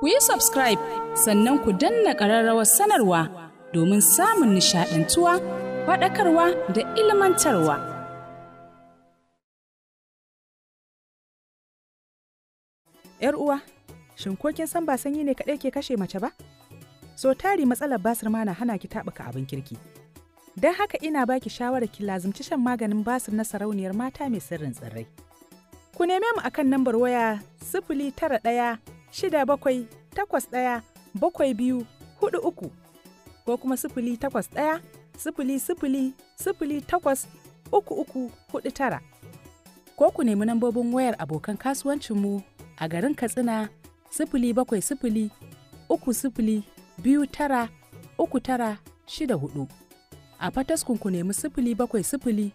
ku yi subscribe sannan ku danna ƙararrawar sanarwa domin samun nishaɗantuwa faɗakarwa da ilmantarwa. ‘Yar uwa, shin ko san ba sanyi ne kaɗai ke kashe mace ba? So tari matsalar basir ma na hana ki taɓuka abin kirki. Don haka ina baki shawarar ki lazumci shan maganin basir na sarauniyar mata mai sirrin tsirrai. Ku neme mu akan nambar waya sifili tara ɗaya shida bakwai takwas ɗaya bakwai biyu hudu uku ko kuma sifili takwas ɗaya sifili sifili sifili takwas uku uku hudu tara ko ku nemi nambobin wayar abokan kasuwancinmu a garin katsina sifili bakwai sifili uku sifili biyu tara uku tara shida hudu a fataskun ku nemi sifili bakwai sifili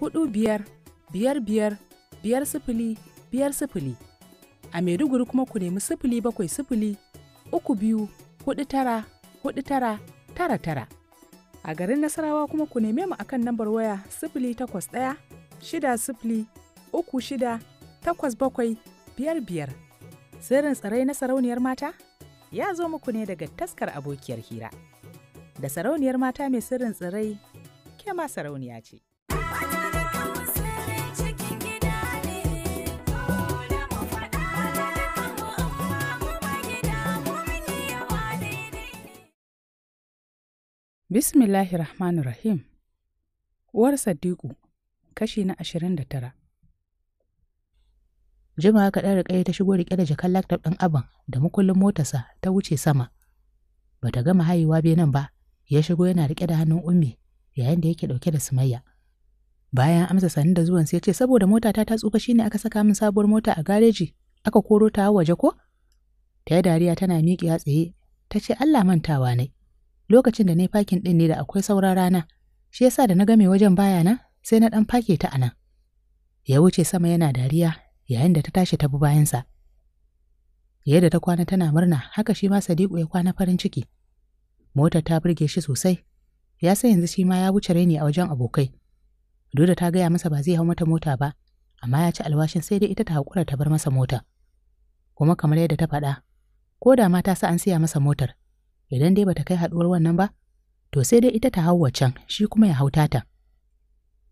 hudu biyar biyar biyar biyar sifili biyar sifili A Maiduguri kuma ku nemi sifili bakwai sifili uku biyu hudu tara hudu tara tara tara. A garin Nasarawa kuma ku neme mu akan lambar waya sifili takwas ɗaya shida sifili uku shida takwas bakwai biyar biyar. Sirrin tsirai na sarauniyar mata ya zo muku ne daga taskar abokiyar hira. Da sarauniyar mata mai sirrin tsirai, ke sarauniya ce. Bismillahi Rahmanu Rahim Uwar Sadiku kashi na ashirin da tara. jimawa kaɗan riƙe ta shigo riƙe da jakan laptop ɗin abin da makullin motarsa ta wuce sama. Ba ta gama hayewa be nan ba, ya shigo yana riƙe da hannun ummi yayin da yake ɗauke da sumayya. Bayan amsa sanin da zuwan yace ce saboda motata ta tsufa shi ne aka saka min sabuwar mota a gareji aka koro ta waje ko? Ta dariya tana miƙe tsaye ta ce Allah mantawa ne. lokacin da yi fakin ɗin ne da akwai sauran rana, shi yasa da na game wajen baya na sai na ɗan fake ta nan. Ya wuce sama yana dariya yayin da ta tashi ta bi bayansa. Yadda ta kwana tana murna haka shi ma Sadiku ya kwana farin ciki. Motar ta burge shi sosai, ya san yanzu shi ma ya wuce raini a wajen abokai. Duda ta gaya masa ba zai hau mata mota ba, amma ya ci alwashin sai dai ita ta haƙura ta bar masa mota. Kuma kamar yadda ta faɗa, ko da mata sa an siya masa motar, idan dai bata kai haɗuwar wannan ba to sai dai ita ta hau wacan shi kuma ya hau tata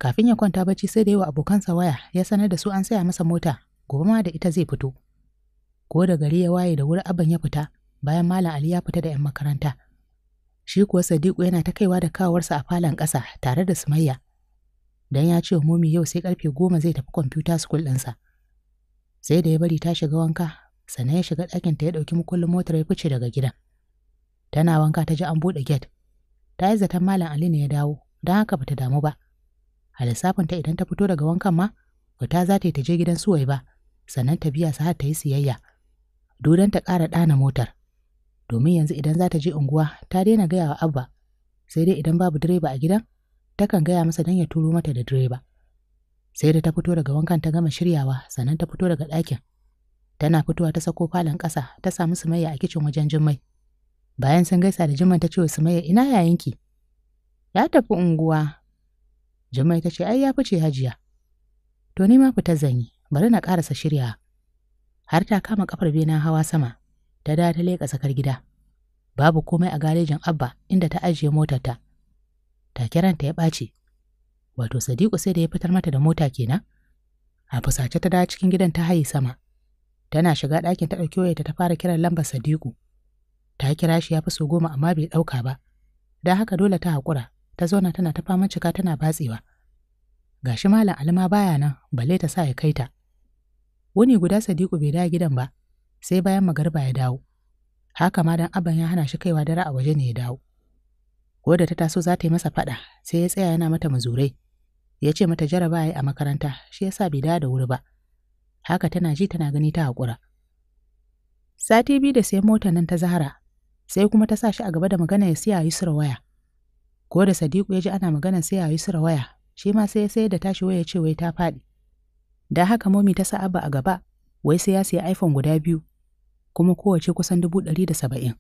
kafin ya kwanta bacci sai da yawa abokansa waya ya sanar da su an saya masa mota gobe ma da ita zai fito ko da gari ya waye da wuri abban ya fita bayan malam ali ya fita da 'yan makaranta shi kuwa sadiku yana ta kaiwa da kawarsa a falon ƙasa tare da sumayya dan ya ce wa momi yau sai karfe goma zai tafi kwamfuta school ɗinsa sai da ya bari ta shiga wanka sannan ya shiga ɗakinta ya ɗauki mukullin motar ya fice daga gidan Tana wanka ta ji an buɗe get. Ta yi zaton Malam Ali ne ya dawo, don haka bata damu ba. A lissafinta idan ta fito daga wankan ma, ta za ta yi ta je gidan suwai ba, sannan ta biya har ta yi siyayya. Dodon ta ƙara ɗana motar. Domin yanzu idan za ta je unguwa, ta daina gaya wa Abba, sai dai idan babu direba a gidan, takan gaya masa don ya turo mata da direba. Sai da ta fito daga wankan ta gama shiryawa, sannan ta fito daga ɗakin. Tana fitowa ta sako falon ƙasa, ta samu sumayya a kicin wajen jimmai. Bayan sun gaisa da Jummai ta ce wa Sumayya ina yayinki? Ya tafi unguwa. Jummai ta ce ai ya fice hajiya. To ni ma fita zanyi, bari na ƙarasa shirya. Har ta kama kafar bena hawa sama, ta da ta leƙa tsakar gida. Babu komai a garejin Abba inda ta ajiye motarta. kiran ta ya ɓace. Wato Sadiku sai da ya fitar mata da mota kenan. A fusace ta da cikin gidan ta haye sama. Tana shiga ɗakin ta ɗauki wayarta ta fara kiran lambar Sadiku. ta kira shi ya fi so goma amma bai ɗauka ba don haka dole ta haƙura ta zauna tana ta fama cika tana batsewa gashi malam alma baya nan balle ta sa ya kai ta wuni guda sadiku bai dawo gidan ba sai bayan magarba ya dawo haka ma dan aban ya hana shi kaiwa dare a waje ne ya dawo ko da ta taso za ta yi masa faɗa sai ya tsaya yana mata muzurai ya ce mata jaraba a makaranta shi yasa bai dawo da wuri ba haka tana ji tana gani ta haƙura sati biyu da sai mota nan ta zahara sai kuma ta sa shi a gaba da magana ya siya Yusra waya. Ko da Sadiku ya ji ana magana sai ya Yusra waya, shi ma sai sai da tashi waya ce wai ta faɗi. Da haka momi ta sa Abba a gaba, wai sai ya siya iPhone guda biyu, kuma kowace kusan dubu ɗari da saba'in.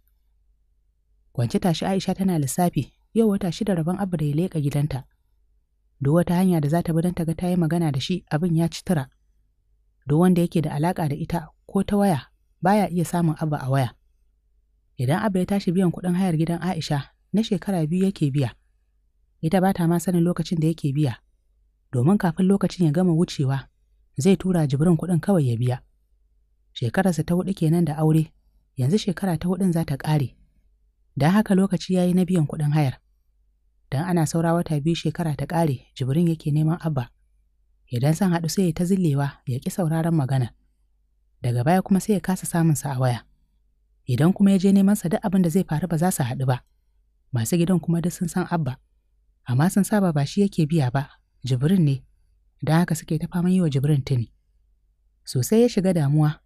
Kwance tashi Aisha tana lissafi, yau wata shida rabon Abba da ya leƙa gidanta. Duk wata hanya da za ta bi don ta ga ta yi magana da shi abin ya ci tura. Duk wanda yake da alaƙa da ita ko ta waya baya iya samun Abba a waya. Idan Abba ya tashi biyan kuɗin hayar gidan Aisha na shekara biyu yake biya. Ita ba ta ma sanin lokacin da yake biya, domin kafin lokacin ya gama wucewa, zai tura jibrin kuɗin kawai ya biya. Shekararsa ta huɗu kenan da aure, yanzu shekara ta huɗun za ta ƙare. Don haka lokaci ya yi na biyan kuɗin hayar. Don ana saura wata biyu shekara ta ƙare, jibrin yake neman Abba. Idan son haɗu sai ya ta zillewa ya ƙi sauraron magana. Daga baya kuma sai ya kasa samun samunsa a waya. idan kuma ya je neman sa duk abin da zai faru ba za su haɗu ba masu gidan kuma duk sun san abba amma sun saba ba shi yake biya ba jibrin ne da haka suke ta faman yi wa jibrin tuni sosai ya shiga damuwa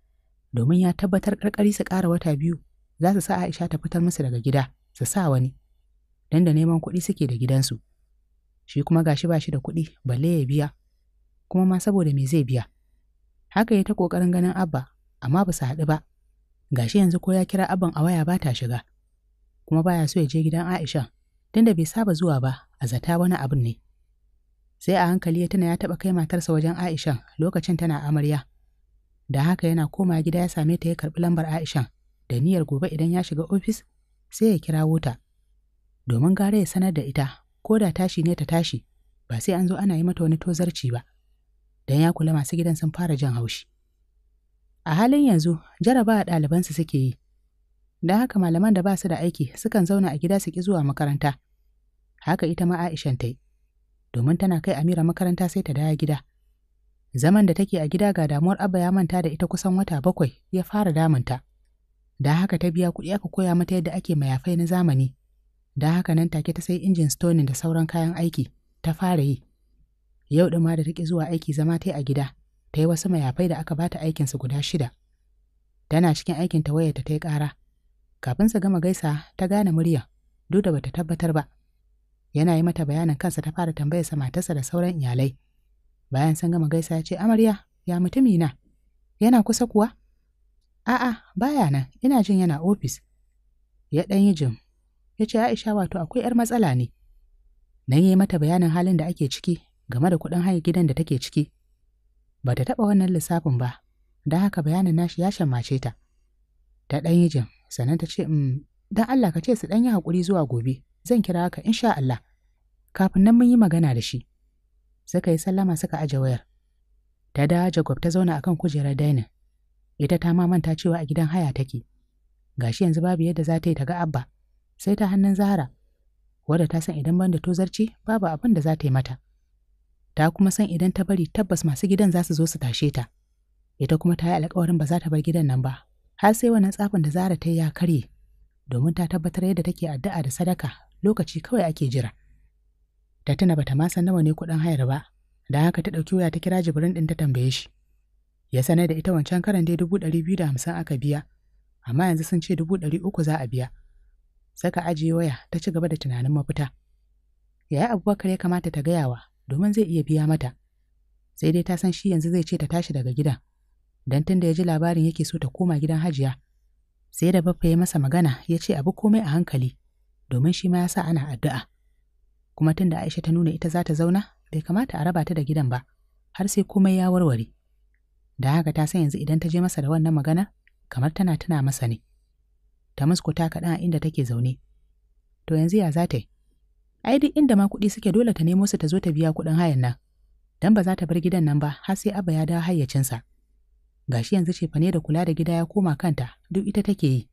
domin ya tabbatar karkari su ƙara wata biyu za su sa aisha ta fitar musu daga gida su sa wani dan da neman kuɗi suke da gidansu shi kuma gashi ba shi da kuɗi balle ya biya kuma ma saboda me zai biya haka ya ta ƙoƙarin ganin abba amma ba su haɗu ba Ga shi yanzu ko ya kira abin a waya ba ta shiga kuma baya so ya je gidan Aisha da bai saba zuwa ba a zata wani abin ne sai a hankali ya tuna ya taɓa kai matarsa wajen Aisha lokacin tana amarya da haka yana koma gida ya same ta ya karɓi lambar Aisha da niyyar gobe idan ya shiga ofis sai ya kirawo ta domin gara ya sanar da ita ko da tashi ne ta tashi ba sai an zo ana yi mata wani tozarci ba Dan ya kula masu gidan sun fara jin haushi. A halin yanzu, jarabawa ɗalibansu suke yi. Don haka malaman da ba su da aiki sukan zauna a gida su ki zuwa makaranta. Haka ita ma Aishan ta yi, domin tana kai Amira makaranta sai ta dawo gida. Zaman da take a gida ga damuwar Abba ya manta da ita kusan wata bakwai ya fara damunta. Da haka ta biya kuɗi aka koya mata yadda ake mayafai na zamani. Da haka nan take ta sai injin stoning da sauran kayan aiki ta fara yi. Yau ɗin ma da take zuwa aiki zama ta a gida, ta yi wasu mayafai da aka bata aikinsu guda shida. Tana cikin aikin ta ta yi ƙara. Kafin su gama gaisa ta gane murya, duk da bata tabbatar ba. Yana yi mata bayanin kansa ta fara tambayar sa matarsa da sauran iyalai. Bayan sun gama gaisa ya ce, "Amarya, ya mutumi na? Yana kusa kuwa?" "A'a, baya nan, ina jin yana ofis." Ya ɗan yi jim. Ya ce, "Aisha wato akwai 'yar matsala ne." Nan yi mata bayanin halin da ake ciki game da kuɗin haya gidan da take ciki. ba ta taɓa wannan lissafin ba, Da haka bayanin nashi ya shammace ta. Ta ɗan yi jin, sannan ta ce, mm, don Allah ka ce su ɗan yi haƙuri zuwa gobe, zan kira ka insha Allah. Kafin nan mun yi magana da shi. Suka yi sallama suka aje wayar. Ta da Jacob ta zauna akan kujerar dainin. Ita ta ma manta cewa a gidan haya take. Gashi yanzu babu yadda za ta yi ta ga Abba, sai ta hannun Zahara, wadda ta san idan ban da tozarci babu abin da za ta yi mata. ta kuma san idan ta bari tabbas masu gidan za su zo su tashe ta ita kuma ta yi alkawarin ba za ta bar gidan nan ba har sai wannan tsafin da zara ta yi ya karye domin ta tabbatar yadda take addu'a da sadaka lokaci kawai ake jira ta tuna bata ma san nawa ne kuɗin hayar ba da haka ta ɗauki waya ta kira jibrin ɗin ta tambaye shi ya sanar da ita wancan karan dai dubu ɗari biyu da hamsin aka biya amma yanzu sun ce dubu ɗari uku za a biya saka ajiye waya ta ci gaba da tunanin mafita yaya abubakar ya kamata ta gayawa domin zai iya biya mata sai dai ta san shi yanzu zai ce ta tashi daga gidan don tun da ya ji labarin yake so ta koma gidan hajiya sai da baffa ya masa magana ya ce abu komai a hankali domin shi ma ya sa ana addu'a kuma tun da aisha ta nuna ita za ta zauna bai kamata a raba ta da gidan ba har sai komai ya warware da haka ta san yanzu idan ta je masa da wannan magana kamar tana tuna masa ne ta muskuta kaɗan a inda take zaune to yanzu ya za ta yi ai duk inda ma kuɗi suke dole ta nemo su ta zo ta biya kuɗin hayan nan dan ba za ta bar gidan nan ba har sai Abba ya dawo hayyacinsa gashi yanzu ce fane da kula da gida ya koma kanta duk ita take yi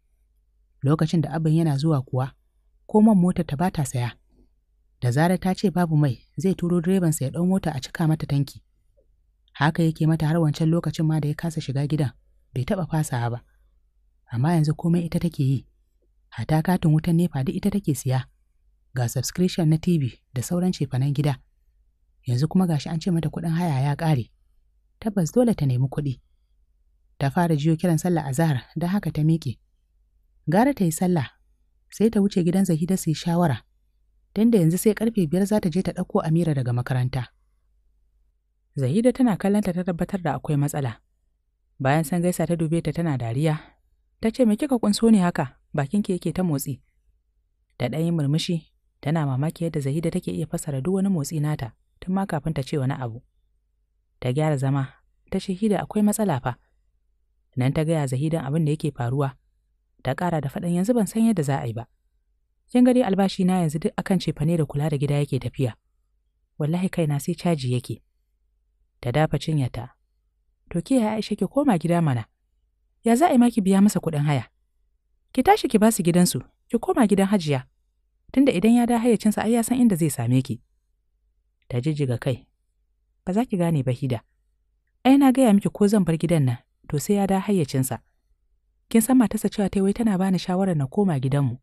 lokacin da abin yana zuwa kuwa ko man mota ta bata saya da zarar ta ce babu mai zai turo direbansa ya ɗau mota a cika mata tanki haka yake mata har wancan lokacin ma da ya kasa shiga gidan bai taɓa fasawa ba amma yanzu komai ita take yi hata katin wutan nefa duk ita take siya ga subscription na TV da sauran cefanen gida. Yanzu kuma gashi an ce mata kuɗin haya ya ƙare. Tabbas dole ta nemi kuɗi. Ta fara jiyo kiran sallah azahar don haka ta miƙe. Gara ta yi sallah sai ta wuce gidan Zahida su yi shawara. da yanzu sai karfe biyar za ta je ta ɗauko Amira daga makaranta. Zahida tana kallonta ta tabbatar da akwai matsala. Bayan san gaisa ta dube ta tana dariya, ta ce me kika kunso ne haka bakin ki yake ta motsi. Da ɗayan murmushi Tana mamaki yadda Zahida take iya fassara duk wani motsi nata, tun ma kafin ta ce wani abu. Ta gyara zama, ta shahida akwai matsala fa. Nan ta gaya Zahidan abin da yake faruwa, ta ƙara da faɗin yanzu ban san yadda za a yi ba. Kin gari albashi na yanzu duk akan cefane da kula da gida yake tafiya. Wallahi kaina sai caji yake. Ta dafa cinyata. To ke ya Aisha ki koma gida mana. Ya za a yi ma ki biya masa kuɗin haya? Ki tashi ki ba su gidansu, ki koma gidan Hajiya. tunda idan ya da hayyacinsa ai ya san inda zai same ki. Ta jijjiga kai. Ba za ki gane ba Hida. Ai na gaya miki ko zan bar gidan nan, to sai ya da hayyacinsa. Kin san matarsa cewa ta wai tana bani shawarar na koma gidanmu.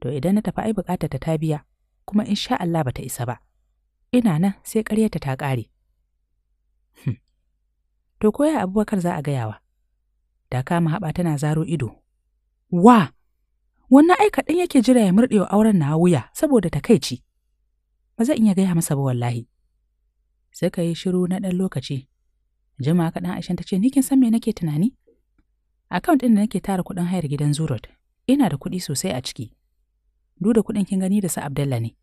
To idan na tafi ai bukatar ta ta biya, kuma in sha Allah ba ta isa ba. Ina nan sai ƙaryarta ta ƙare. Hmm. To koya Abubakar za a gayawa. Da kama haɓa tana zaro ido. Wa! wannan ai kaɗan yake jira ya murɗe wa auren na wuya saboda takaici. Ba zan iya gaya masa ba wallahi. ka yi shiru na ɗan lokaci. Jima kaɗan Aisha ta ce, Ni kin san me nake tunani? Akaunt ɗin da nake tara kuɗin hayar gidan Zurot, ina da kuɗi sosai a ciki. Duk da kuɗin kin gani da su Abdalla ne.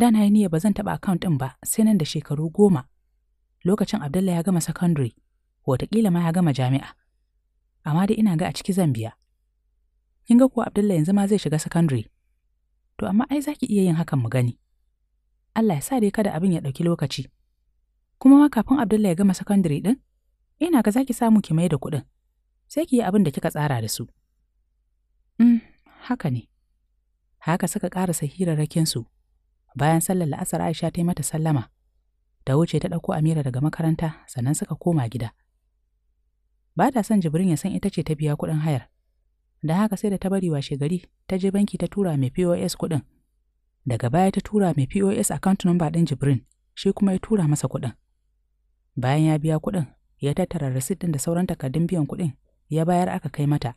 Da na yi niyya ba zan taɓa akaunt ɗin ba sai nan da shekaru goma. Lokacin Abdalla ya gama secondary, watakila ma ya gama jami'a. Amma dai ina ga a ciki zan biya. kin ga kuwa Abdullahi yanzu ma zai shiga secondary. To amma ai zaki iya yin hakan mu gani. Allah ya sa dai kada abin ya ɗauki lokaci. Kuma ma kafin Abdullahi ya gama secondary ɗin, ina ga zaki samu ki mai da kuɗin. Sai ki yi abin da kika tsara da su. Mm, haka ne. Haka suka rakin su Bayan sallar la'asar Aisha ta yi mata sallama. Ta wuce ta ɗauko Amira daga makaranta sannan suka koma gida. Ba ta son Jibrin ya san ita ce ta biya kuɗin hayar. da haka sai da ta bari washe gari ta je banki ta tura mai POS kuɗin. Daga baya ta tura mai POS account number ɗin Jibrin, shi kuma ya tura masa kuɗin. Bayan ya biya kuɗin, ya tattara receipt ɗin da sauran takardun biyan kuɗin, ya bayar aka kai mata.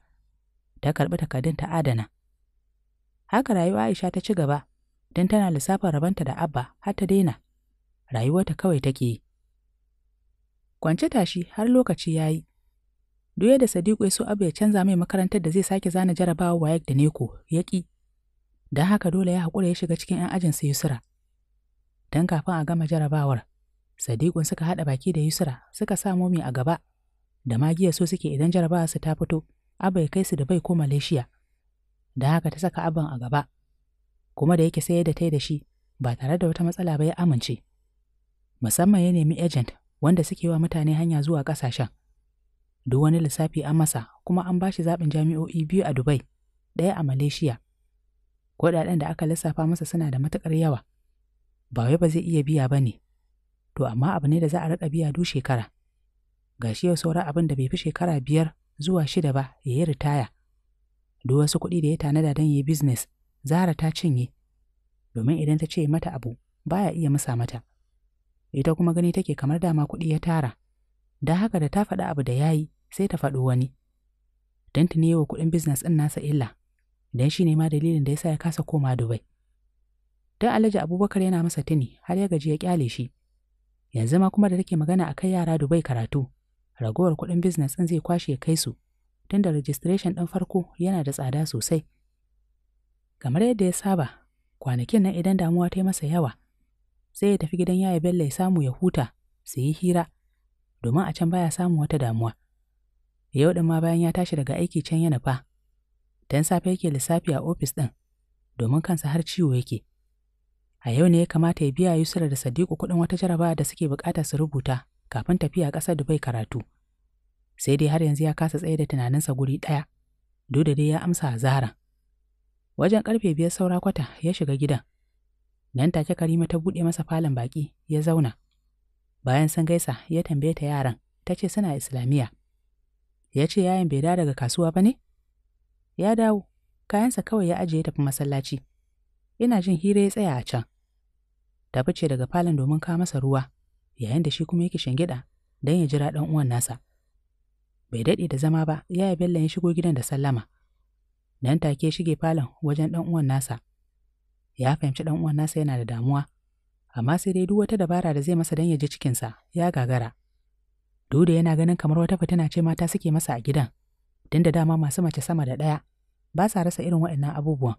Ta karɓi takardun ta adana. Haka rayuwa Aisha ta ci gaba, don tana lissafin rabanta da Abba har ta daina. Rayuwarta kawai take yi. Kwance tashi har lokaci ya yi, Duk da Sadiku ya so Abu ya canza mai makarantar da zai sake zana jarabawa WAEC da neko ya ƙi. Don haka dole ya haƙura ya shiga cikin 'yan ajinsa Yusra. Don kafin a gama jarabawar, Sadikun suka haɗa baki da Yusra suka sa momi a gaba, da magiya so suke idan jarabawa su ta fito, Abba ya kai su da bai ko Malaysia. Don haka ta saka abin a gaba, kuma da yake sayar da tai da shi ba tare da wata matsala ba ya amince. Musamman ya nemi agent wanda suke wa mutane hanya zuwa ƙasashen. duk wani lissafi an masa kuma an bashi zaɓin jami'o'i biyu a Dubai, ɗaya a Malaysia. Kuɗaɗen da aka lissafa masa suna da matuƙar yawa, ba wai ba zai iya biya ba ne, to amma abu ne da za a riƙa biya duk shekara. Gashi yau saura abin da bai fi shekara biyar zuwa shida ba ya yi ritaya. Duk wasu kuɗi da ya tanada don ya yi biznes, Zara ta cinye, domin idan ta ce mata abu baya iya musa mata. Ita kuma gani take kamar dama kuɗi ya tara, da haka da ta faɗa abu da ya yi, sai ta faɗo wani. Don ne wa kuɗin biznes ɗin nasa illa, don shi ne ma dalilin da ya sa ya kasa koma Dubai. Don Alhaji Abubakar yana masa tuni har ya gaji ya kyale shi. Yanzu ma kuma da take magana a kai yara Dubai karatu, ragowar kuɗin biznes ɗin zai kwashe ya kai su, tun da registration ɗin farko yana da tsada sosai. Kamar yadda ya saba, kwanakin nan idan damuwa ta yi masa yawa, sai ya tafi gidan yaya Bello ya samu ya huta, su yi hira, domin a can baya samun wata damuwa. Yau ɗin ma bayan ya tashi daga aiki can ya nufa. Dan safe yake lissafi a ofis ɗin, domin kansa har ciwo yake. A yau ne ya kamata ya biya Yusra da Sadiku kuɗin wata jarabawa da suke buƙata su rubuta kafin tafiya ƙasar Dubai karatu. Sai dai har yanzu ya kasa tsaye da tunaninsa guri ɗaya, duk da dai ya amsa a zaharan. Wajen ƙarfe biyar saura kwata ya shiga gidan. Nan take Karima ta buɗe masa falon baƙi ya zauna. Bayan sun gaisa ya tambaye ta yaran, ta ce suna Islamiyya. Ya ce yayan bai dawo daga kasuwa ba ne? Ya dawo, kayansa kawai ya ajiye tafi masallaci. Ina jin hira ya tsaya a can. Ta fice daga falon domin ka masa ruwa, yayin da shi kuma yake shingiɗa don ya jira ɗan uwan nasa. Bai daɗe da zama ba, yaya Bello ya shigo gidan da sallama. Nan take shige falon wajen ɗan uwan nasa. Ya fahimci ɗan uwan nasa yana da damuwa, amma sai dai duk wata dabara da zai masa don ya ji cikinsa ya gagara. Duda yana ganin kamar wata fitina ce mata suke masa a gidan, tun da dama masu mace sama da ɗaya ba sa rasa irin waɗannan abubuwan.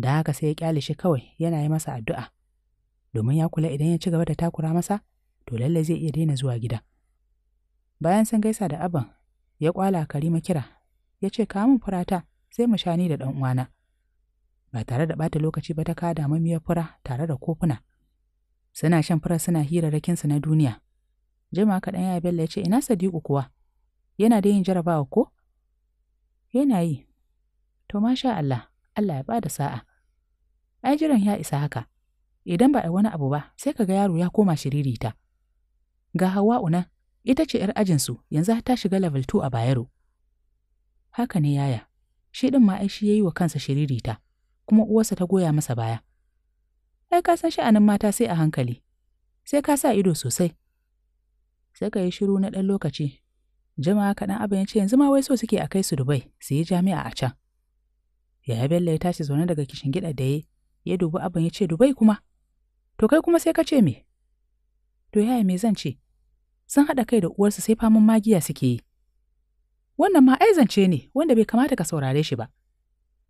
Da haka sai ya ƙyale shi kawai yana yi masa addu'a, domin ya kula idan ya ci gaba da takura masa, to lallai zai iya daina zuwa gida. Bayan sun gaisa da abin, ya ƙwala Karima kira, ya ce ka min furata sai mu shani da ɗan uwana. Ba tare da bata lokaci ba ta kada miyar fura tare da kofuna. Suna shan fura suna hirarrakinsu na duniya. jama'a kaɗan ya bello ya ce ina sadiku kuwa yana da yin jarabawa ko yana yi to masha Allah Allah ya bada sa'a ai jiran ya isa haka idan ba a wani abu ba sai ka ga yaro ya koma shiririta ga hawa una ita ce 'yar ajinsu yanzu ta shiga level 2 a Bayero haka ne yaya shi ɗin ma ai shi ya yi wa kansa shiririta kuma uwarsa ta goya masa baya ai ka san sha'anin mata sai a hankali sai ka sa ido sosai sai ka yi shiru na ɗan lokaci. Jama'a kaɗan abin ya ce yanzu ma wai so suke a kai su Dubai su yi jami'a a can. Yaya Bello ya tashi zaune daga kishin gida da ya ya dubi abin ya ce Dubai kuma. To kai kuma sai ka ce me? To yaya me zan ce? Sun haɗa kai da uwarsu sai faman magiya suke yi. Wannan ma ai zance ne wanda bai kamata ka saurare shi ba.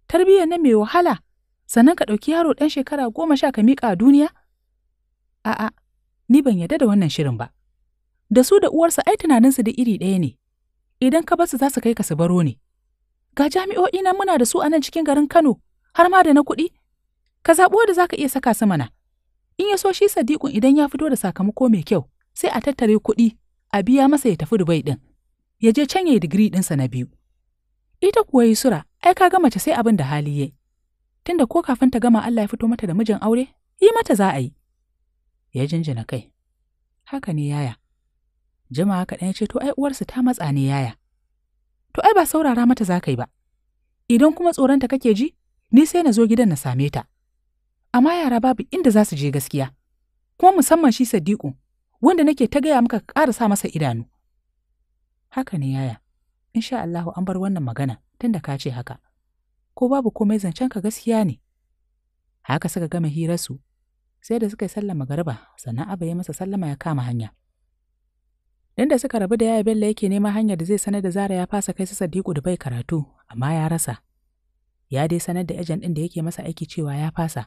Tarbiyyar nan mai wahala sannan ka ɗauki yaro ɗan shekara goma sha ka miƙa a duniya? A'a, ni ban yarda da wannan shirin ba. da su da uwarsa ai tunanin su da iri ɗaya ne idan ka basu za su kai ka su baro ne ga jami'o'i nan muna da su a nan cikin garin kano har ma da na kuɗi ka zaɓi wanda za ka iya saka su mana in ya so shi sadiƙun idan ya fito da sakamako mai kyau sai a tattare kuɗi a biya masa ya tafi dubai ɗin ya je can ya yi digiri ɗinsa na biyu ita kuwa yi sura ai ka mace sai abin da hali ya tunda ko kafin ta gama Allah ya fito mata da mijin aure yi mata za a yi ya jinjina kai haka ne yaya Jama'a kaɗan ya ce, To, ai, uwarsu ta matsa ne yaya. To, ai, ba saurara mata za ka yi ba. Idan kuma tsoronta kake ji, ni sai na zo gidan na same ta. Amma yara babu inda za su je gaskiya. Kuma musamman shi Sadiku, wanda nake ta gaya maka ƙara sa masa idanu. Haka ne yaya, insha Allahu an bar wannan magana tunda ka ce haka. Ko babu komai zancen ka gaskiya ne. Haka suka gama hirarsu, sai da suka yi sallama garba, sannan abu ya masa sallama ya kama hanya. Dan da suka rabu da yaya Bello yake neman hanyar da zai sanar da Zara ya fasa kai su Sadiku bai karatu, amma ya rasa. Ya dai sanar da ejen ɗin da yake masa aiki cewa ya fasa.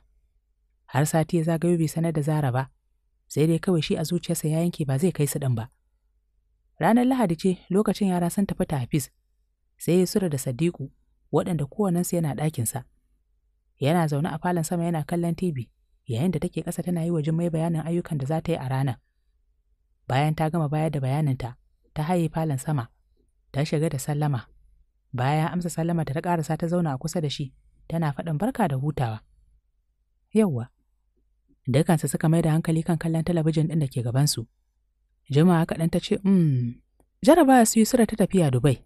Har sati ya zagayo bai sanar da Zara ba, sai dai kawai shi a zuciyarsa ya yanke ba zai kai su ɗin ba. Ranar Lahadi ce lokacin yara sun tafi ta Hafiz, sai ya sura da Sadiku, waɗanda kowannensu yana ɗakinsa. Yana zaune a falon sama yana kallon TV, yayin da take ƙasa tana yi wa Jummai bayanin ayyukan da za ta yi a ranar. bayan ta gama bayar da bayaninta ta haye falon sama ta shiga da sallama bayan amsa sallama ta ƙarasa ta zauna a kusa da shi tana faɗin barka da hutawa yawwa dukansu suka mai da hankali kan kallon talabijin ɗin da ke gabansu jimawa kaɗan ta ce mm. jarabawa su yi sura ta tafiya dubai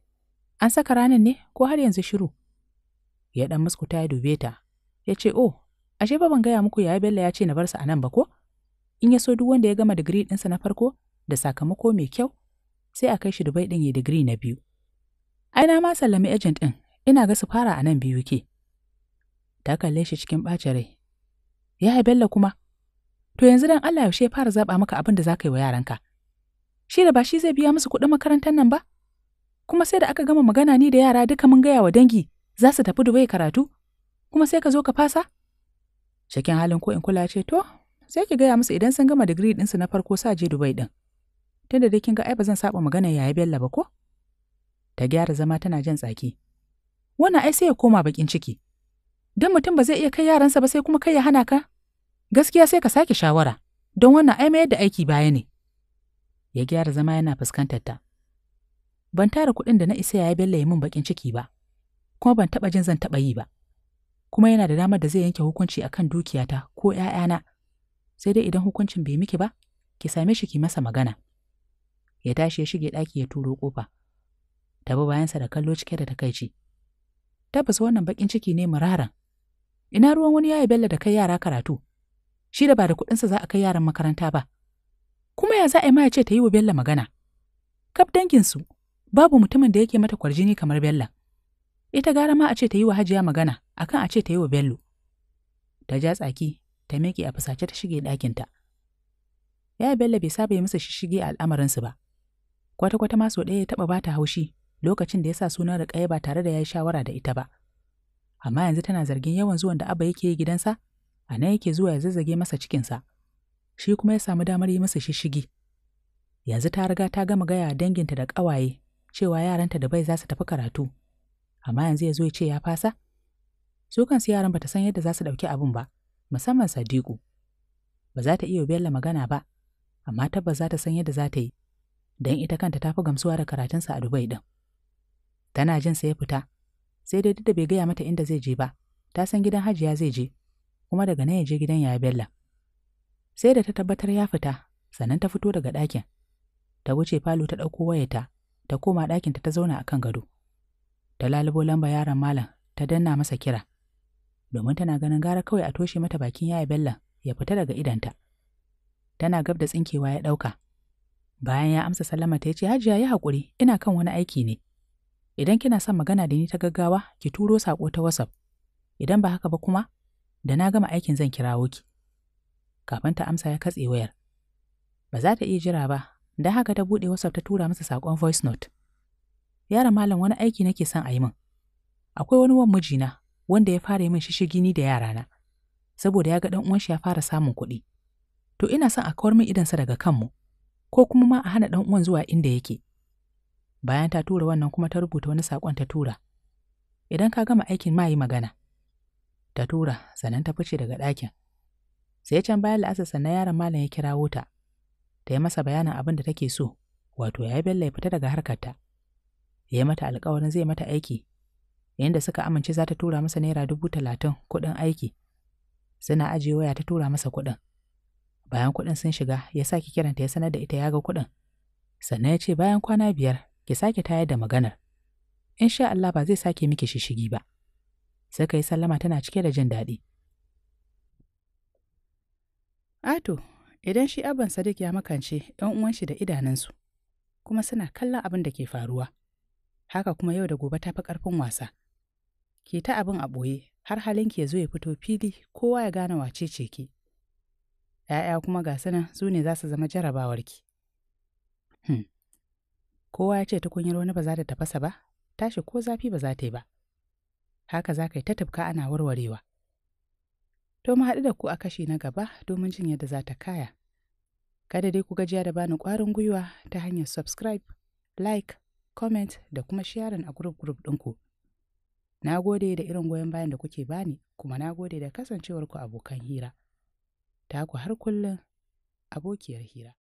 an saka ranar ne ko har yanzu shiru ya ɗan muskuta ya dube ta ya ce oh ashe ba ban gaya muku yaya bello ya ce na bar sa a ba ko in ya so duk wanda ya gama digiri ɗinsa na farko da sakamako mai kyau sai a kai shi Dubai ɗin ya digiri na biyu. Ai na ma sallami ejent ɗin ina ga su fara a nan biyu ke. Ta kalle shi cikin ɓacin rai. Ya Bello kuma, to yanzu dan Allah yaushe ya fara zaɓa maka abin da za ka yi wa yaranka. Shi da ba shi zai biya musu kuɗin makarantar nan ba? Kuma sai da aka gama magana ni da yara duka mun gaya wa dangi za su tafi Dubai karatu, kuma sai ka zo ka fasa? Cikin halin ko in kula ce to, sai ki gaya musu idan sun gama digiri ɗinsu na farko sa je Dubai ɗin. tunda dai kin ga ai ba zan saba magana yaya Bello ba ko? Ta gyara zama tana jan tsaki. Wannan ai sai ya koma bakin ciki. Dan mutum ba zai iya kai yaransa ba sai kuma kai ya hana ka? Gaskiya sai ka sake shawara, don wannan ai mai da aiki baya ne. Ya gyara zama yana fuskantar ta. Ban tara kuɗin da na isa yaya Bello ya min bakin ciki ba, kuma ban taɓa jin zan taɓa yi ba. Kuma yana da damar da zai yanke hukunci akan dukiyata ko ‘ya'yana, sai dai idan hukuncin bai miki ba, ki same shi ki masa magana. ya tashi ya shige ɗaki ya turo kofa. Ta bi bayansa da kallo cike da takaici. Tabbas wannan baƙin ciki ne muraran. Ina ruwan wani yayi Bello da kai yara karatu. Shi da ba da kuɗinsa za a kai yaran makaranta ba. Kuma ya za a yi ma ya ce ta yi wa Bello magana. Kaf danginsu babu mutumin da yake mata kwarjini kamar Bello. Ita gara ma a ce ta yi wa Hajiya magana akan a ce ta yi wa Bello. Ta ja tsaki ta miƙe a fusace ta shige ɗakinta. Yaya Bello bai saba yi masa shishige a al'amarinsu ba. kwata-kwata ma sau ɗaya ya taɓa bata haushi lokacin da ya sa sunan Rukayya ba tare da ya yi shawara da ita ba. Amma yanzu tana zargin yawan zuwan da Abba yake yi gidansa, a nan yake zuwa ya zazzage masa cikinsa. Shi kuma ya samu damar yi masa shishigi. Yanzu ta riga ta gama gaya danginta da ƙawaye cewa yaranta da bai za su tafi karatu. Amma yanzu ya zo ya ce ya fasa? Su kansu yaran bata san yadda za su ɗauki abin ba, musamman Sadiku. Ba za ta iya Bello magana ba, amma tabbas za ta san yadda za ta yi. don ita kanta ta fi gamsuwa da karatunsa a Dubai ɗin. Tana jin sa ya fita, sai dai duk da bai gaya mata inda zai je ba, ta san gidan Hajiya zai je, kuma daga nan ya je gidan Yaya Bello. Sai da ta tabbatar ya fita, sannan ta fito daga ɗakin. Ta wuce falo ta ɗauko wayarta, ta koma ɗakinta ta zauna a kan gado. Ta lalubo lamba yaron malam, ta danna masa kira. Domin tana ganin gara kawai a toshe mata bakin Yaya bella ya fita daga idanta. Tana gab da tsinkewa ya ɗauka. Bayan ya amsa sallama ta ce Hajiya ya haƙuri ina kan wani aiki ne. Idan kina son magana da ni ta gaggawa ki turo sako ta WhatsApp. Idan ba haka ba kuma da na gama aikin zan kirawo ki. Kafin ta amsa ya katse wayar. Ba za ta iya jira ba, don haka ta buɗe WhatsApp ta tura masa saƙon voice note. Yaron malam wani aiki nake son a yi min. Akwai wani wan mijina wanda ya fara yi min gini da yarana. Saboda ya ga ɗan uwan shi ya fara samun kuɗi. To ina son a kawar min idansa daga kanmu. ko kuma ma a hana ɗan uwan zuwa inda yake. Bayan ta tura wannan kuma ta rubuta wani saƙon ta tura. Idan ka gama aikin ma yi magana. Ta tura sannan ta fice daga ɗakin. Sai can bayan la'asar sannan yaron malam ya kirawo ta. Ta yi masa bayanin abin da take so, wato ya yi Bello ya fita daga harkarta. Ya yi mata alkawarin zai mata aiki, inda suka amince za ta tura masa naira dubu talatin kuɗin aiki. Suna ajiye waya ta tura masa kuɗin. bayan kuɗin sun shiga ya sake kiranta ya sanar da ita ya ga kuɗin sannan ya ce bayan kwana biyar ki sake tayar da maganar in sha Allah ba zai sake miki shishigi ba sai ka yi sallama tana cike da jin daɗi ato idan shi abban sadiq ya makance yan uwan shi da idanunsu kuma suna kallon abin da ke faruwa haka kuma yau da gobe ta fi ƙarfin wasa ke ta abin a ɓoye har halinki ya zo ya fito fili kowa ya gane wace ce ki ‘ya'ya kuma ga suna su ne za su zama jarabawarki. Hmm. Kowa ya ce tukunyar wani ba za ta tafasa ba, tashi ko zafi ba za ta yi ba. Haka za ka yi ta tafka ana warwarewa. To mu haɗu da ku a kashi na gaba domin jin yadda za ta kaya. Kada dai ku gajiya da bani ƙwarin gwiwa ta hanyar subscribe, like, comment da kuma sharing a group group ɗinku. Na gode da irin goyon bayan da kuke bani, kuma na gode da kasancewarku abokan hira. taku har kullum abokiyar hira.